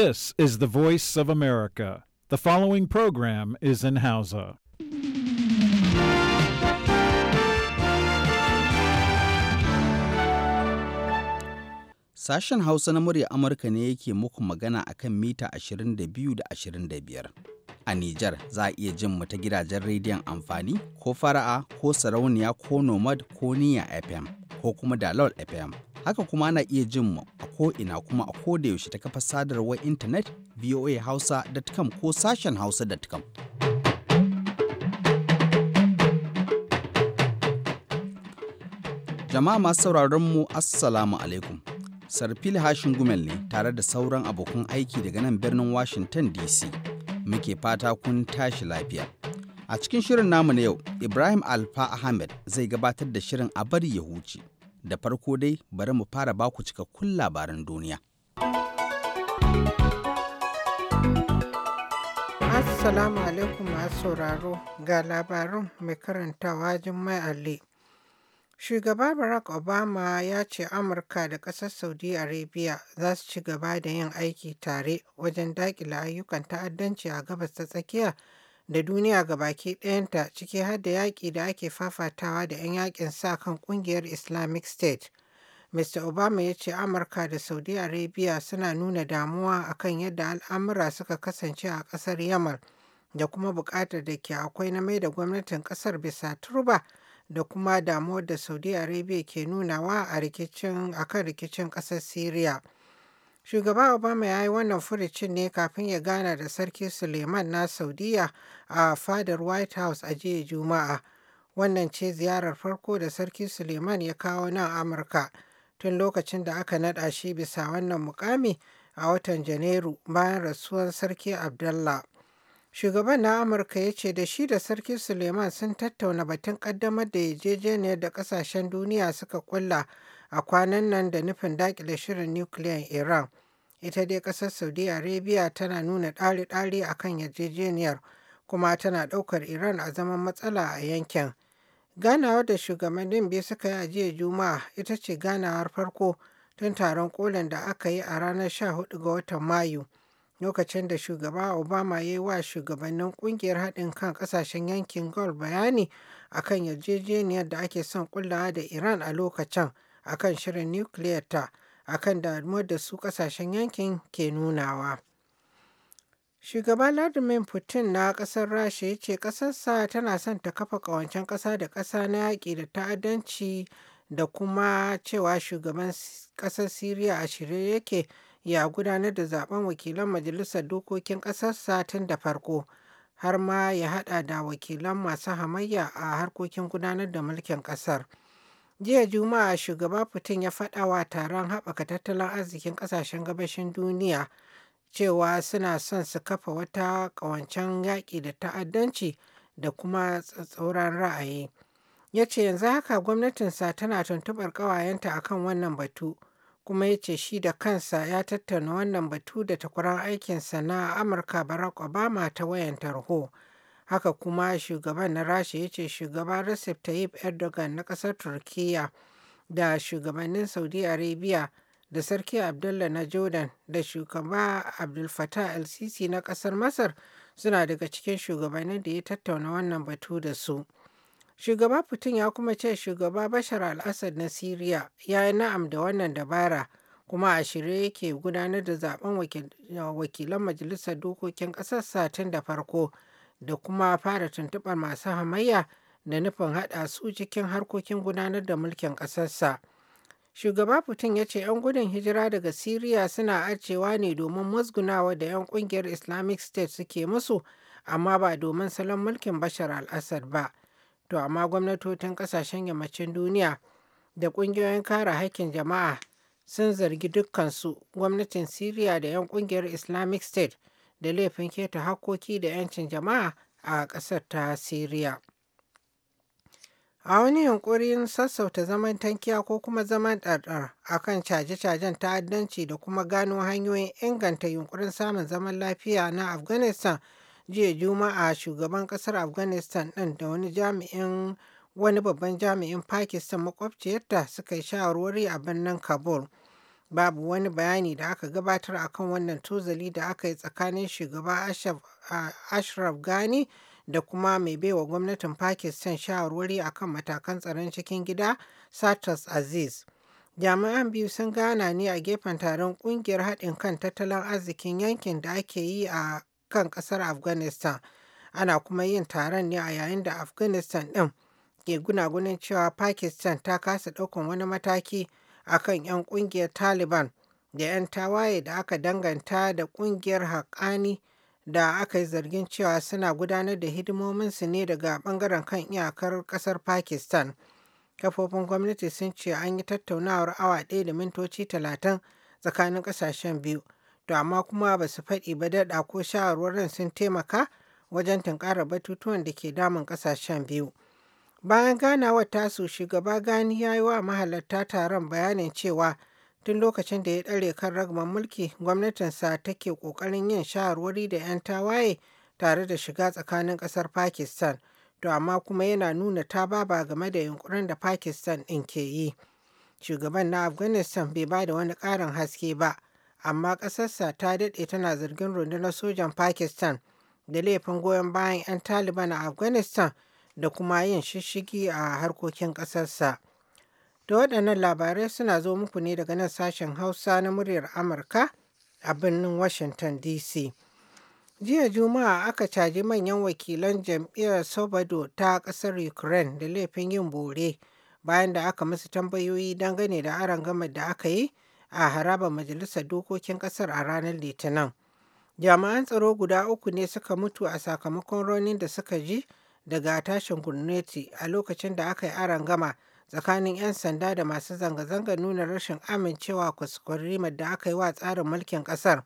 This is the voice of America. The following program is in Hausa. Sashen Hausa na murya Amurka ne yake muku magana a kan mita 22 da 25. A Nijar za a iya jin mu ta gidajen rediyon amfani ko fara'a ko sarauniya ko nomad ko niya FM ko kuma dalol FM. Haka kuma ana iya jin mu a ina kuma a ko da yaushe ta kafa sadarwar intanet voahausa.com ko sashen hausa.com. Jama'a masu sauraron mu Assalamu alaikum. Sarfil Hashin Gumel ne tare da sauran abokan aiki daga nan birnin Washington DC. Muke fata kun tashi lafiya. A cikin shirin namu na yau, Ibrahim Alfa Ahmed zai gabatar da shirin a bari ya huce. da farko dai bari mu fara baku cikakkun labaran duniya. Assalamu alaikum masu sauraro ga labarin mai karantawa Jummai Ali. Shugaba Barack Obama ya ce Amurka da ƙasar Saudi Arabia za su ci gaba da yin aiki tare wajen daƙila ayyukan ta'addanci a gabas ta tsakiya da duniya ga baki ɗayanta ciki har da yaƙi da ake fafatawa da 'yan yaƙin sa kan ƙungiyar islamic state mr obama ya ce amurka da saudi arabia suna nuna damuwa akan yadda al'amura suka kasance a ƙasar yamal da kuma buƙatar da ke akwai na mai da gwamnatin ƙasar bisa turba da kuma damuwar da saudi arabia ke nunawa a kan rikicin ƙasar syria Shugaba Obama ya yi wannan furicin ne kafin ya gana da Sarki Suleiman na Saudiya a fadar White House a jiya Juma'a. Wannan ce ziyarar farko da Sarki Suleiman ya kawo nan Amurka tun lokacin da aka naɗa shi bisa wannan mukami a watan Janairu bayan rasuwar Sarki Abdullah. Shugaban na Amurka ya ce da shi da Sarki Suleiman sun tattauna batun ƙaddamar da yarjejeniyar da ƙasashen duniya suka kulla a kwanan nan da nufin dakile shirin nukiliyan Iran. Ita dai ƙasar Saudi Arabia tana nuna ɗari-ɗari a kan yarjejeniyar kuma tana ɗaukar Iran a zaman matsala a yankin. Ganawar da shugabannin biyu suka yi a jiya Juma'a ita ce ganawar farko tun taron kolin da aka yi a ranar 14 ga watan Mayu. lokacin da shugaba obama ya yi wa shugabannin kungiyar haɗin kan ƙasashen yankin gol bayani akan yarjejeniyar da ake son kullawa da iran a lokacin akan shirin nukiliyar ta akan damuwar da su kasashen yankin ke nunawa. Shugaba Vladimir Putin na ƙasar Rasha ya ce ƙasarsa tana son ta kafa ƙawancen ƙasa da ƙasa na yaƙi da ta'addanci da kuma cewa shugaban ƙasar Syria a shirye yake ya gudanar da zaben wakilan majalisar dokokin ƙasarsa tun da farko har ma ya haɗa da wakilan masu hamayya a harkokin gudanar da mulkin ƙasar. Jiya Juma'a Shugaba Putin ya faɗa wa taron haɓaka tattalin arzikin ƙasashen gabashin duniya cewa suna son su kafa wata ƙawancen yaƙi da ta'addanci da kuma tsatsauran ra'ayi. Ya ce yanzu haka gwamnatinsa tana tuntuɓar ƙawayenta akan wannan batu, kuma ya ce shi da kansa ya tattauna wannan batu da takwaran aikinsa na Amurka Barack Obama ta wayan tarho. Haka kuma shugaban na Rasha ya ce shugaban Recep Tayyip Erdogan na ƙasar Turkiyya da shugabannin Saudi Arabia da Sarki Abdullah na Jordan da shugaba Abdul Fattah el-Sisi na ƙasar Masar suna daga cikin shugabannin da ya tattauna wannan batu da su. Shugaba Putin ya kuma ce shugaba Bashar al-Assad na Siriya ya yi na'am da wannan dabara kuma a shirye yake gudanar da zaben wakilan majalisar dokokin ƙasar satin da farko da kuma fara tuntuɓar masu hamayya da nufin haɗa su cikin harkokin gudanar da mulkin ƙasarsa. Shugaba Putin ya ce 'yan gudun hijira daga Siriya suna arcewa ne domin musgunawa da 'yan ƙungiyar Islamic State suke musu, amma ba domin salon mulkin Bashar al-Assad ba. To amma gwamnatocin ƙasashen yammacin duniya da ƙungiyoyin kare haƙƙin jama'a sun zargi dukkansu gwamnatin Siriya da 'yan ƙungiyar Islamic State da laifin keta hakkoki da 'yancin jama'a a ƙasar ta Siriya. A wani yunkurin sassauta zaman tankiya ko kuma zaman ɗarɗar a kan caje-cajen ta'addanci da kuma gano hanyoyin inganta yunkurin samun zaman lafiya na Afghanistan jiya Juma'a shugaban ƙasar Afghanistan ɗin da wani jami'in wani babban jami'in Pakistan makwabciyarta suka yi shawarwari a birnin Kabul. babu wani bayani da aka gabatar akan wannan tozali da aka yi tsakanin shugaba ashraf gani da kuma mai baiwa gwamnatin pakistan shawarwari akan matakan tsaron cikin gida Satus aziz jami'an biyu sun gana ne a gefen taron kungiyar haɗin kan tattalin arzikin yankin da ake yi a kan ƙasar afghanistan ana kuma yin taron ne a yayin da afghanistan ɗin ke gunagunin cewa pakistan ta kasa ɗaukan wani mataki akan 'yan ƙungiyar Taliban da 'yan tawaye da aka danganta da ƙungiyar Haƙani da aka yi zargin cewa suna gudanar da hidimominsu ne daga ɓangaren kan iyakar ƙasar Pakistan. Kafofin gwamnati sun ce an yi tattaunawar awa ɗaya da mintoci talatin tsakanin ƙasashen biyu, to amma kuma ba su faɗi ba daɗa ko shawarwarin sun taimaka wajen tunkarar batutuwan da ke damun ƙasashen biyu. Bayan ganawar tasu, Shugaba gani ya yi wa mahalarta taron bayanin cewa tun lokacin da ya ɗare kan ragamar mulki, gwamnatinsa take ƙoƙarin yin shawarwari da 'yan tawaye tare da shiga tsakanin ƙasar Pakistan, to amma kuma yana nuna ta baba game da yunƙurin da Pakistan ɗin ke yi. Shugaban na Afghanistan bai ba da wani ƙarin haske ba, amma ƙasarsa ta daɗe tana zargin rundunar sojan Pakistan da laifin goyon bayan 'yan Taliban a Afghanistan da kuma yin shishigi a harkokin ƙasarsa. Da waɗannan labarai suna zo muku ne daga nan sashen Hausa na muryar Amurka a birnin Washington DC. Jiya Juma'a aka caji manyan wakilan jam'iyyar Sobado ta ƙasar Ukraine da laifin yin bore bayan da aka musu tambayoyi dangane da gama da aka yi a haraba Majalisar Dokokin ƙasar a ranar Litinin. Jami'an tsaro guda uku ne suka mutu a sakamakon raunin da suka ji daga tashin gurneti a lokacin da aka yi aron gama, tsakanin 'yan sanda da masu zanga zanga nuna rashin amincewa rimar da aka yi wa tsarin mulkin kasar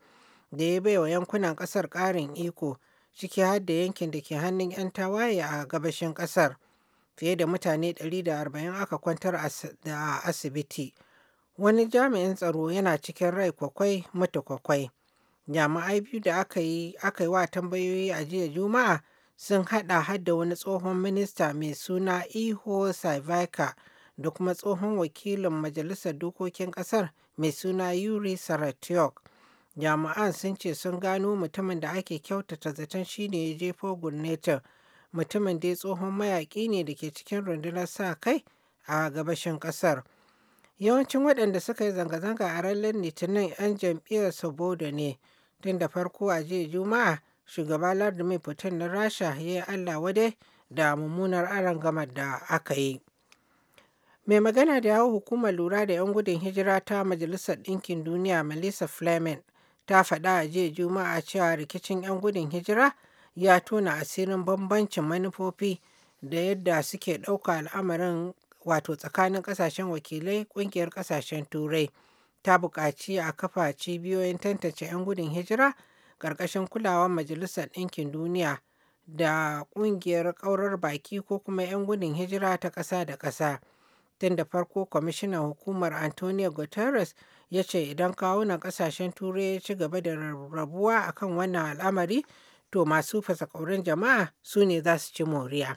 da ya baiwa yankunan kasar ƙarin iko ciki har da yankin da ke hannun 'yan tawaye a gabashin kasar fiye da mutane 140 aka kwantar a asibiti wani jami'in tsaro yana cikin rai kwakwai mata kwakwai jami'ai biyu da aka yi wa tambayoyi a jiya juma'a sun hada hada wani tsohon minista mai suna Iho Saivaka da kuma tsohon wakilin majalisar dokokin ƙasar mai suna Yuri Saratiok. Jami'an sun ce sun gano mutumin da ake kyautata zaton shine ya jefo gurnetin mutumin dai tsohon mayaƙi ne da ke cikin rundunar sa kai a gabashin ƙasar. Yawancin waɗanda suka yi zanga-zanga a ranar Litinin 'yan jam'iyyar Saboda ne tun da farko a jiya Juma'a shugaba Vladimir Putin na Rasha ya yi Allah wadai da mummunar arangamar da aka yi. Mai magana da yawon hukumar lura da 'yan gudun hijira ta Majalisar Ɗinkin Duniya Melissa Fleming ta faɗa a jiya Juma'a cewa rikicin 'yan gudun hijira ya tona asirin bambancin manufofi da yadda suke ɗauka al'amarin wato tsakanin ƙasashen wakilai ƙungiyar ƙasashen turai ta buƙaci a kafa cibiyoyin tantance 'yan gudun hijira ƙarƙashin kulawar Majalisar Ɗinkin Duniya da ƙungiyar ƙaurar baki ko kuma 'yan gudun hijira ta ƙasa da ƙasa. Tun da farko kwamishinan hukumar Antonio Guterres ya ce idan kawunan ƙasashen Turai ya ci gaba da rabuwa akan wannan al'amari to masu fasa-ƙaurin jama'a su ne za su ci moriya.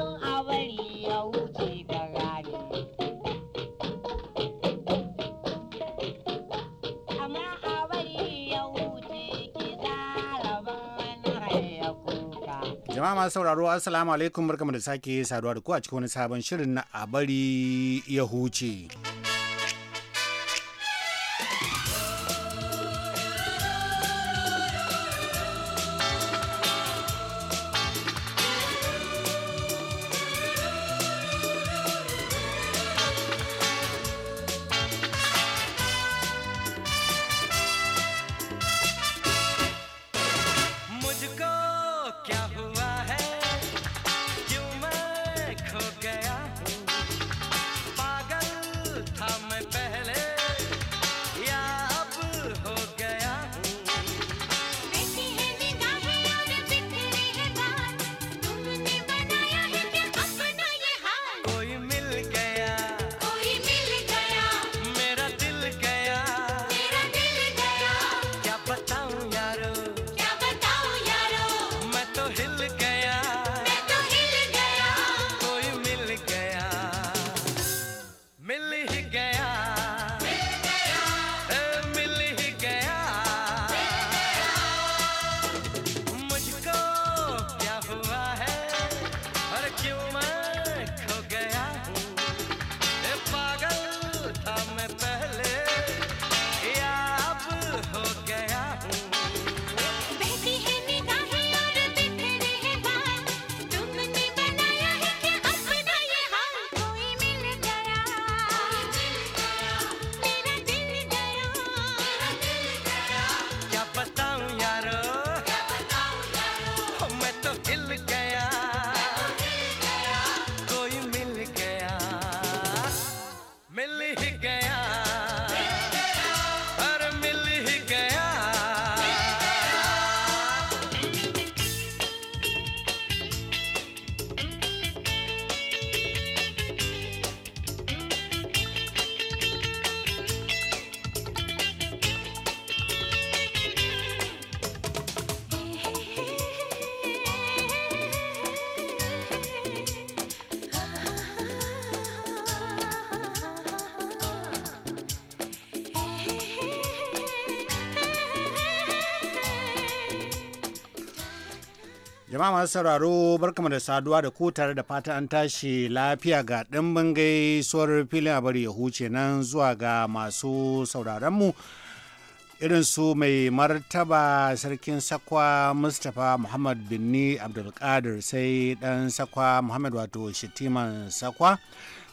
Jama'a masu sauraro Assalamu alaikum barkamu da sake saduwa da ku a cikin wani sabon shirin na a bari ya huce. Jama'a masu sauraro barkamu da saduwa da ku tare da fata an tashi lafiya ga ɗimbin gaisuwar filin abar ya huce nan zuwa ga masu sauraronmu irin su mai martaba sarkin sakwa mustapha muhammad binni abdulkadir sai ɗan sakwa muhammad wato shitiman sakwa.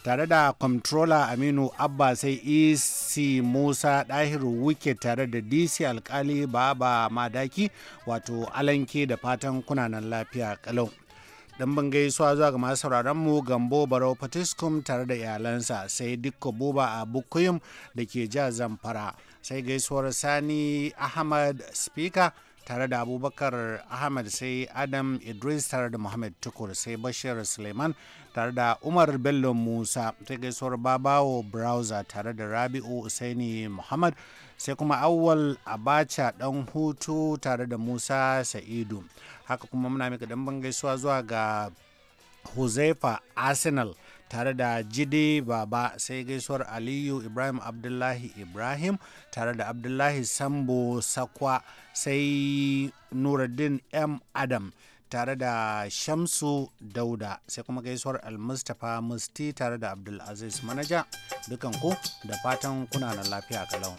tare da comptroller aminu abba sai ec musa dahiru wike tare da dc alkali baba madaki wato alanke da fatan kunanan lafiya kalau ɗan gaisuwa zuwa ga masu mu gambo barau patiskum tare da iyalansa sai dukka buba a bukuyum da ke ja zamfara sai gaisuwar sani ahmad speaker tare da abubakar ahmad sai adam idris tare da muhammad tukur sai bashir suleiman tare da umar bello musa ta gaisuwar babawo browser tare da rabi'u usaini muhammad sai kuma awwal abacha dan hutu tare da musa sa'idu haka kuma muna mika dan gaisuwa zuwa ga huzaifa arsenal tare da jide baba sai gaisuwar aliyu ibrahim abdullahi ibrahim tare da abdullahi sambo sakwa sai nuruddin m adam tare da Shamsu Dauda sai kuma gaisuwar Almustapha Musti tare da Abdulaziz Manaja dukanku da fatan kuna na lafiya kalau.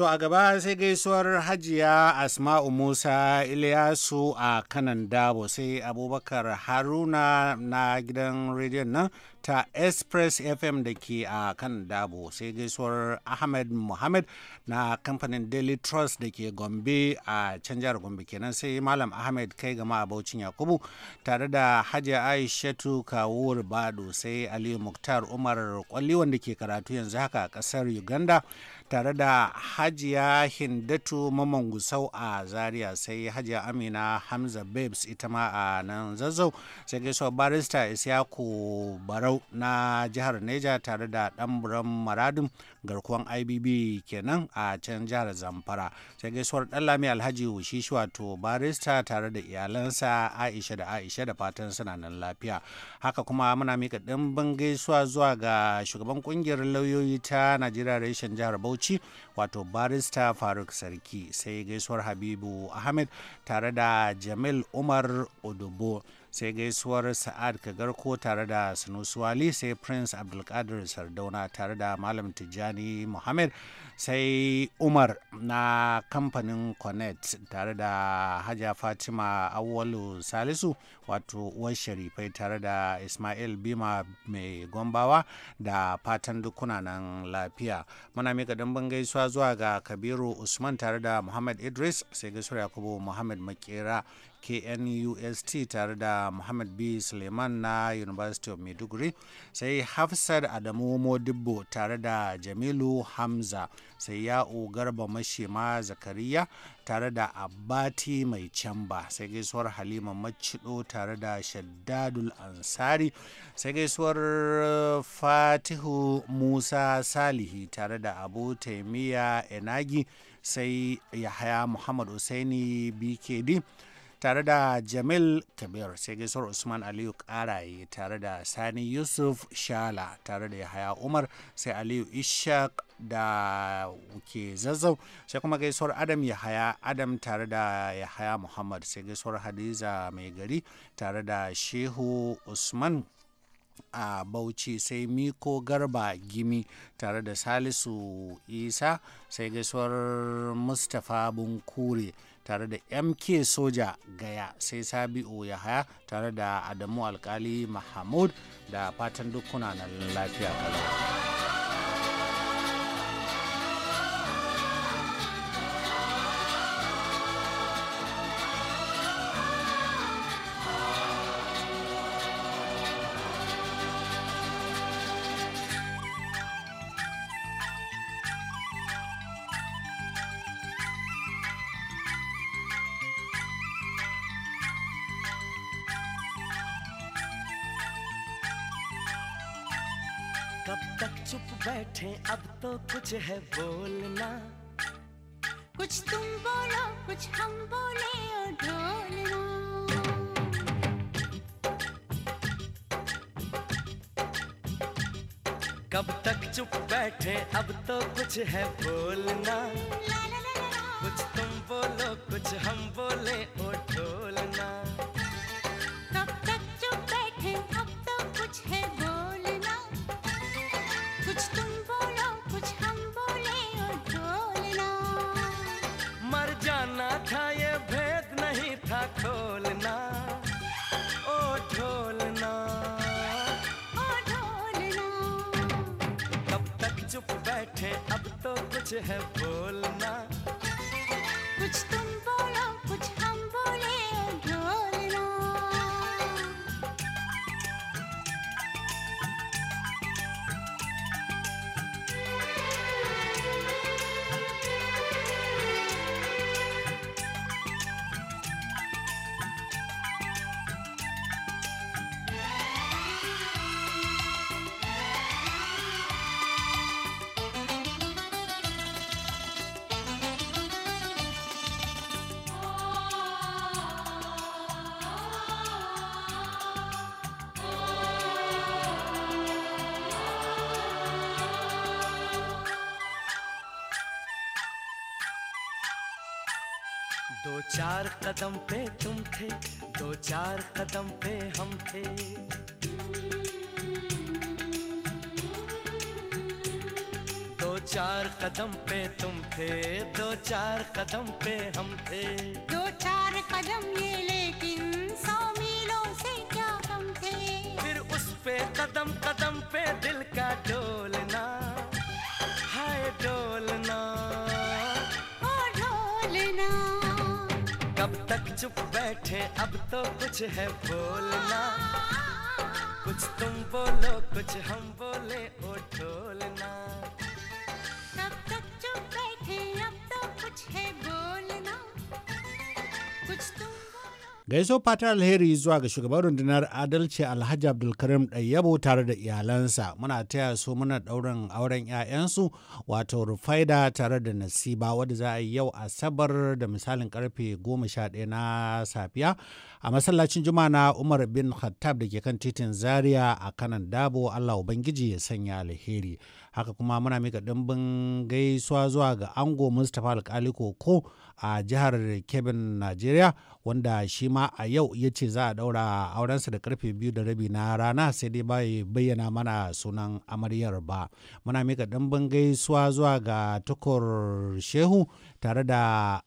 To a gaba sai gaisuwar hajiya Asma'u Musa Ilyasu a kanan Dabo sai Abubakar Haruna na gidan rediyon nan ta Express FM da ke a kanan Dabo sai gaisuwar Ahmed Muhammad na kamfanin Daily Trust da ke Gombe a can jihar Gombe kenan sai Malam Ahmed kai gama a Baucin Yakubu tare da Hajiya Aishatu Kawur Bado sai Aliyu Muktar Umar Kwalli wanda ke karatu yanzu haka a ƙasar Uganda. tare da hajiya hindatu Mamman gusau a zaria sai hajiya amina hamza babes ita ma a nan zazzau sai gaisuwa barista isyaku barau na jihar neja tare da ɗanburan maradin garkuwan ibb kenan a can jihar zamfara sai gaisuwar ɗanlami alhaji wushishi wato barista tare da iyalansa aisha da aisha da fatan suna nan lafiya haka kuma muna mika ɗimbin gaisuwa zuwa ga shugaban kungiyar lauyoyi ta najeriya reshen jihar bauchi bauchi wato barista faruk sarki sai gaisuwar habibu ahmed tare da jamil umar odobo sai gaisuwar sa'ad ko tare da sunuswali sai prince abdulkadir sardauna tare da malam tijjani muhammad sai umar na kamfanin connect tare da hajja fatima auwalu salisu wato uwar sharifai tare da ismail bima mai gombawa da fatan dukuna nan lafiya muna mika dambin gaisuwa zuwa ga kabiru usman tare da muhammad idris sai gaisuwar yakubu muhammad makera knust tare da muhammad b suleiman na university of maiduguri sai hafsat adamu modibbo tare da jamilu hamza sai ya'u garba mashema zakariya tare da abati mai camba sai gaisuwar halima macido tare da shaddadul ansari sai gaisuwar uh, fatihu musa salihi tare da abu taimiya enagi sai yahaya muhammad usaini bkd tare da jamil kabir sai gaisuwar usman aliyu karaye tare da sani yusuf shala tare da yahaya umar sai aliyu ishak da ke zazzau sai kuma gaisuwar adam yahaya adam tare da yahaya muhammad sai gaisuwar hadiza mai gari tare da shehu usman a bauchi sai miko garba gimi tare da salisu isa sai gaisuwar mustapha bunkure tare da mk soja gaya sai sabi'u ya haya tare da adamu alkali mahmud da fatan dukkuna na lafiya kalau कुछ है बोलना कुछ तुम बोलो कुछ हम बोले कब तक चुप बैठे अब तो कुछ है बोलना कुछ तुम बोलो कुछ हम बोले have चार कदम पे तुम थे दो चार कदम पे हम थे दो चार कदम पे तुम थे दो चार कदम पे हम थे दो चार कदम ये लेकिन सौ मीलों से क्या कम थे फिर उस पे कदम कदम पे दिल का डोलना हाय डोलना चुप बैठे अब तो कुछ है बोलना कुछ तुम बोलो कुछ हम बोले ओ ढोलना Gaiso fata alheri zuwa ga shugaban rundunar adalci Alhaji Abdulkarim Ɗayyabo tare da iyalansa muna taya su muna ɗaurin auren 'ya'yansu wato Rufaida tare da Nasiba wadda za a yi yau Asabar da misalin karfe 11 na safiya a masallacin juma na Umar bin Khattab da ke kan titin Zaria a kanan Dabo Allah Ubangiji ya sanya alheri. haka kuma muna mika ɗimbin gaisuwa zuwa ga ango mustapha alkali koko a jihar kebin nigeria wanda shi ma a yau ya ce za a daura aurensa da karfe biyu da rabi na rana sai dai bai bayyana mana sunan amaryar ba muna mika ɗimbin gaisuwa zuwa ga tukur shehu tare da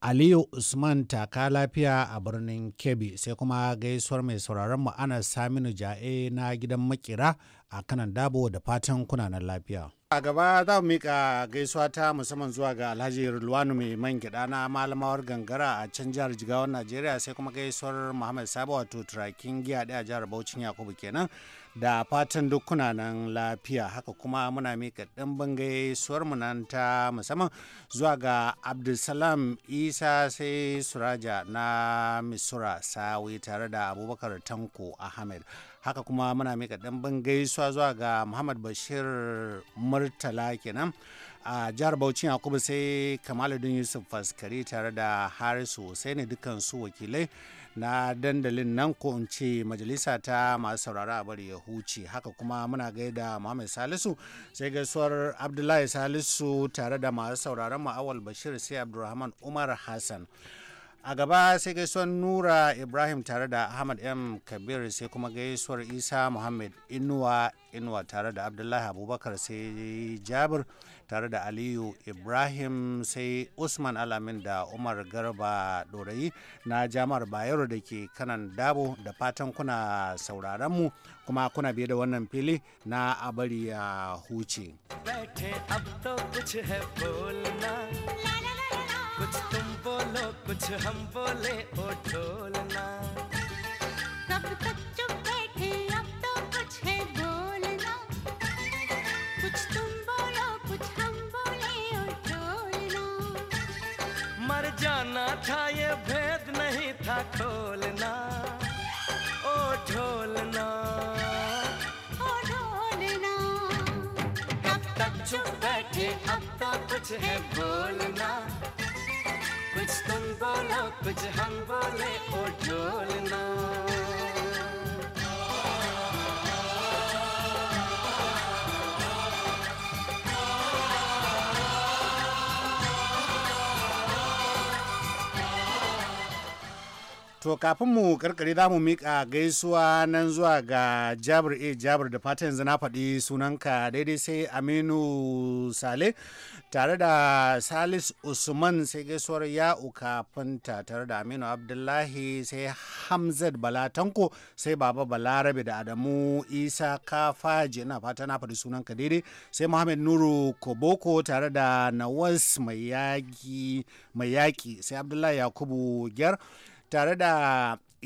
Aliyu Usman taka lafiya a birnin Kebbi sai kuma gaisuwar mai sauraron mu ana Saminu Ja'e na gidan makira a kanan dabo da fatan kunanan lafiya. A gaba za mu mika gaisuwa ta musamman zuwa ga Alhaji Rulwanu mai man gida na malamawar gangara a can jihar Jigawar Najeriya sai kuma gaisuwar Muhammad Sabo wato turakin giya a jihar baucin Yakubu kenan da fatan duk kunanan lafiya haka kuma muna mika ɗimbin gaisuwar mu nan ta musamman zuwa ga Abdulsalam Isa sai Suraja na Misura Sawi tare da Abubakar Tanko Ahmed. haka kuma muna mika ɗan gaisuwa zuwa ga muhammad bashir murtala kenan a jihar bauchi yakubu sai kamaludin yusuf faskari tare da harisu ne dukkan su wakilai na dandalin nan ko in ce majalisa ta masu saurara a bari ya huce haka kuma muna gaida muhammad salisu sai gaisuwar abdullahi salisu tare da masu sauraron ma'awal bashir sai abdulrahman umar hassan a gaba sai gaisuwar nura ibrahim tare da ahmad m kabir sai kuma gaisuwar isa muhammad inuwa inuwa tare da abdullahi abubakar sai jabir tare da aliyu ibrahim sai usman alamin da umar garba dorayi na jamar bayero da ke kanan dabo da fatan kuna sauraron mu kuma kuna biye da wannan fili na abari ya huce जाना था ये भेद नहीं था खोलना ओ ढोलना ओ ढोलना कब तक चुप बैठे अब तो कुछ है बोलना कुछ तुम बोलो कुछ हम बोले ओ ढोलना To kafin mu karkare za mu miƙa gaisuwa nan zuwa ga Jabir A Jabir da fata yanzu na faɗi sunanka daidai sai Aminu Sale tare da Salis Usman sai gaisuwar Ya'u Kafinta tare da Aminu Abdullahi sai Hamzat balatanko sai Baba Balarabe da Adamu Isa Kafaji na fata na faɗi sunanka daidai sai Muhammad Nuru Koboko tare da Nawas Mai Yaƙi sai Abdullahi Yakubu Gyar. tare da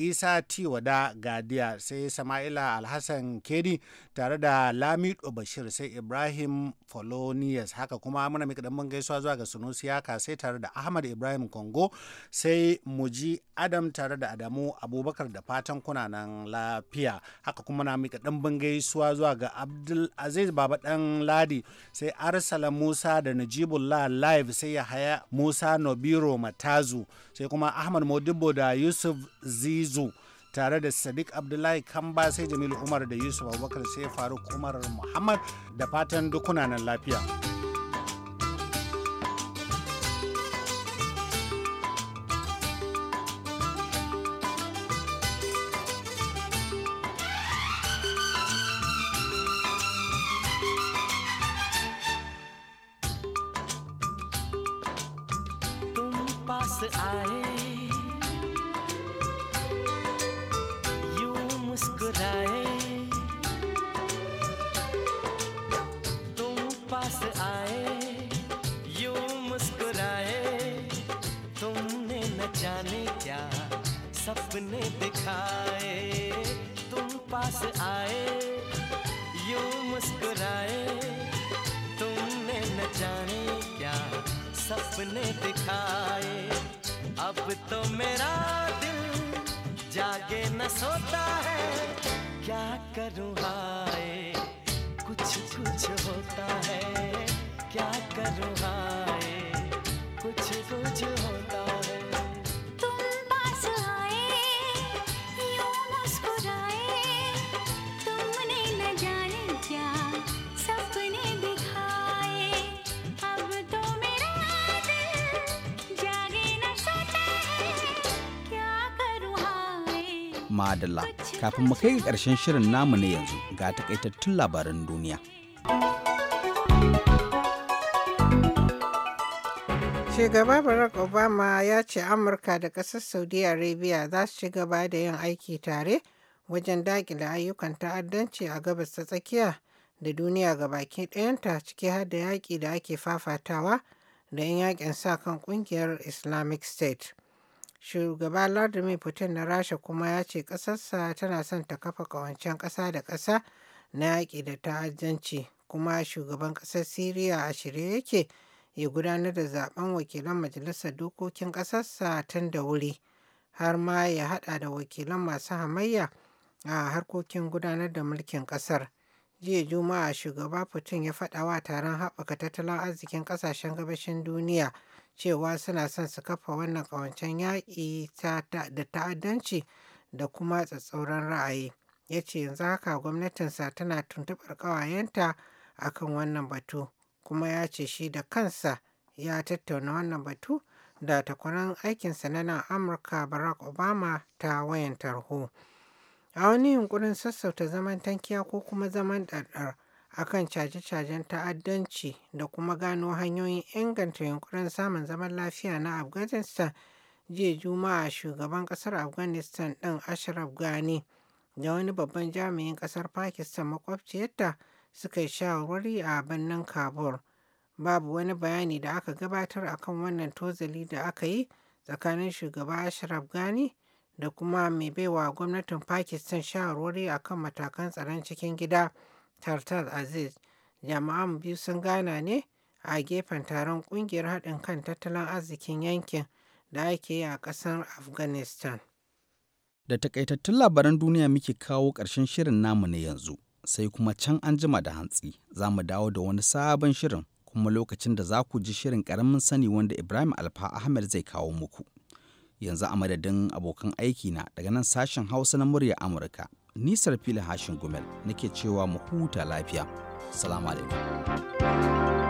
isa tiwada gadiya sai sama'ila alhassan kedi tare da lamido bashir sai ibrahim Folonius. haka kuma muna mika dan gaisuwa zuwa ga sunusi yaka sai tare da ahmad ibrahim kongo sai muji adam tare da adamu abubakar da fatan kuna nan lafiya haka kuma na mika dan gaisuwa zuwa ga abdul aziz baba dan ladi sai arsala musa da najibullah live sai ya haya musa nobiro matazu sai kuma ahmad modibbo da yusuf Zizu tare da sadiq abdullahi kamba sai jamilu umar da yusuf abubakar sai faruk umar muhammad da fatan dukuna nan lafiya. आए यूं मुस्कुराए तुम पास आए यू मुस्कुराए तुमने न जाने क्या सपने दिखाए तुम पास आए यू मुस्कुराए तुमने न जाने क्या सपने दिखाए तो मेरा दिल जागे न सोता है क्या करूँ हाय कुछ कुछ होता है क्या करूँ हाय Adalla kafin mu kai ƙarshen shirin namu na yanzu ga takaitattun labaran duniya. shugaba barack obama ya ce amurka da ƙasar saudi arabia za su ci gaba da yin aiki tare wajen daƙile ayyukan ta'addanci a gabas ta tsakiya da duniya ga baki ɗayanta ciki har da yaƙi da ake fafatawa da 'yan yaƙin sa kan ƙungiyar islamic state Shugaba Vladimir Putin na Rasha kuma ya ce ƙasarsa tana son ta kafa ƙawancen ƙasa da ƙasa na yaƙi da ta'azzanci kuma shugaban ƙasar Siriya a shirye yake ya gudanar da zaben wakilan majalisar dokokin ƙasarsa tun da wuri har ma ya haɗa da wakilan masu hamayya a harkokin gudanar da mulkin ƙasar. jiya juma'a shugaba putin ya faɗa wa taron haɓaka tattalin arzikin ƙasashen gabashin duniya cewa suna son su kafa wannan ƙawancen yaƙi da ta'addanci da kuma tsatsauran ra'ayi ya ce yanzu haka gwamnatinsa tana tuntuɓar ƙawayenta a kan wannan batu kuma ya ce shi da kansa ya tattauna wannan batu da takwaran aikinsa na nan amurka barack obama ta wayan tarho a wani yunkurin sassauta zaman tankiya ko kuma zaman ɗarɗar akan caje-cajen ta'addanci da kuma gano hanyoyin inganta yunkurin samun zaman lafiya na afghanistan jiya juma'a shugaban kasar afghanistan din ashraf ghani da wani babban jami'in kasar pakistan makwabciyarta suka yi shawarwari a birnin kabul babu wani bayani da aka gabatar akan wannan tozali da aka yi tsakanin shugaba ashraf ghani da kuma mai baiwa gwamnatin pakistan shawarwari akan matakan tsaron cikin gida. Tartar Aziz jama'an biyu sun gana ne a gefen taron kungiyar haɗin kan tattalin arzikin yankin da ake yi a ƙasar Afghanistan. Da takaitattun labaran duniya muke kawo ƙarshen shirin namu na yanzu, sai kuma can an jima da hantsi za mu dawo da wani sabon shirin kuma lokacin da za ku ji shirin ƙaramin sani wanda Ibrahim Alfa Ahmed zai kawo muku. Yanzu a madadin abokan aiki na daga nan sashen Hausa na murya Amurka nisar fili hashin gumel nake cewa mu huta lafiya salamu alaikum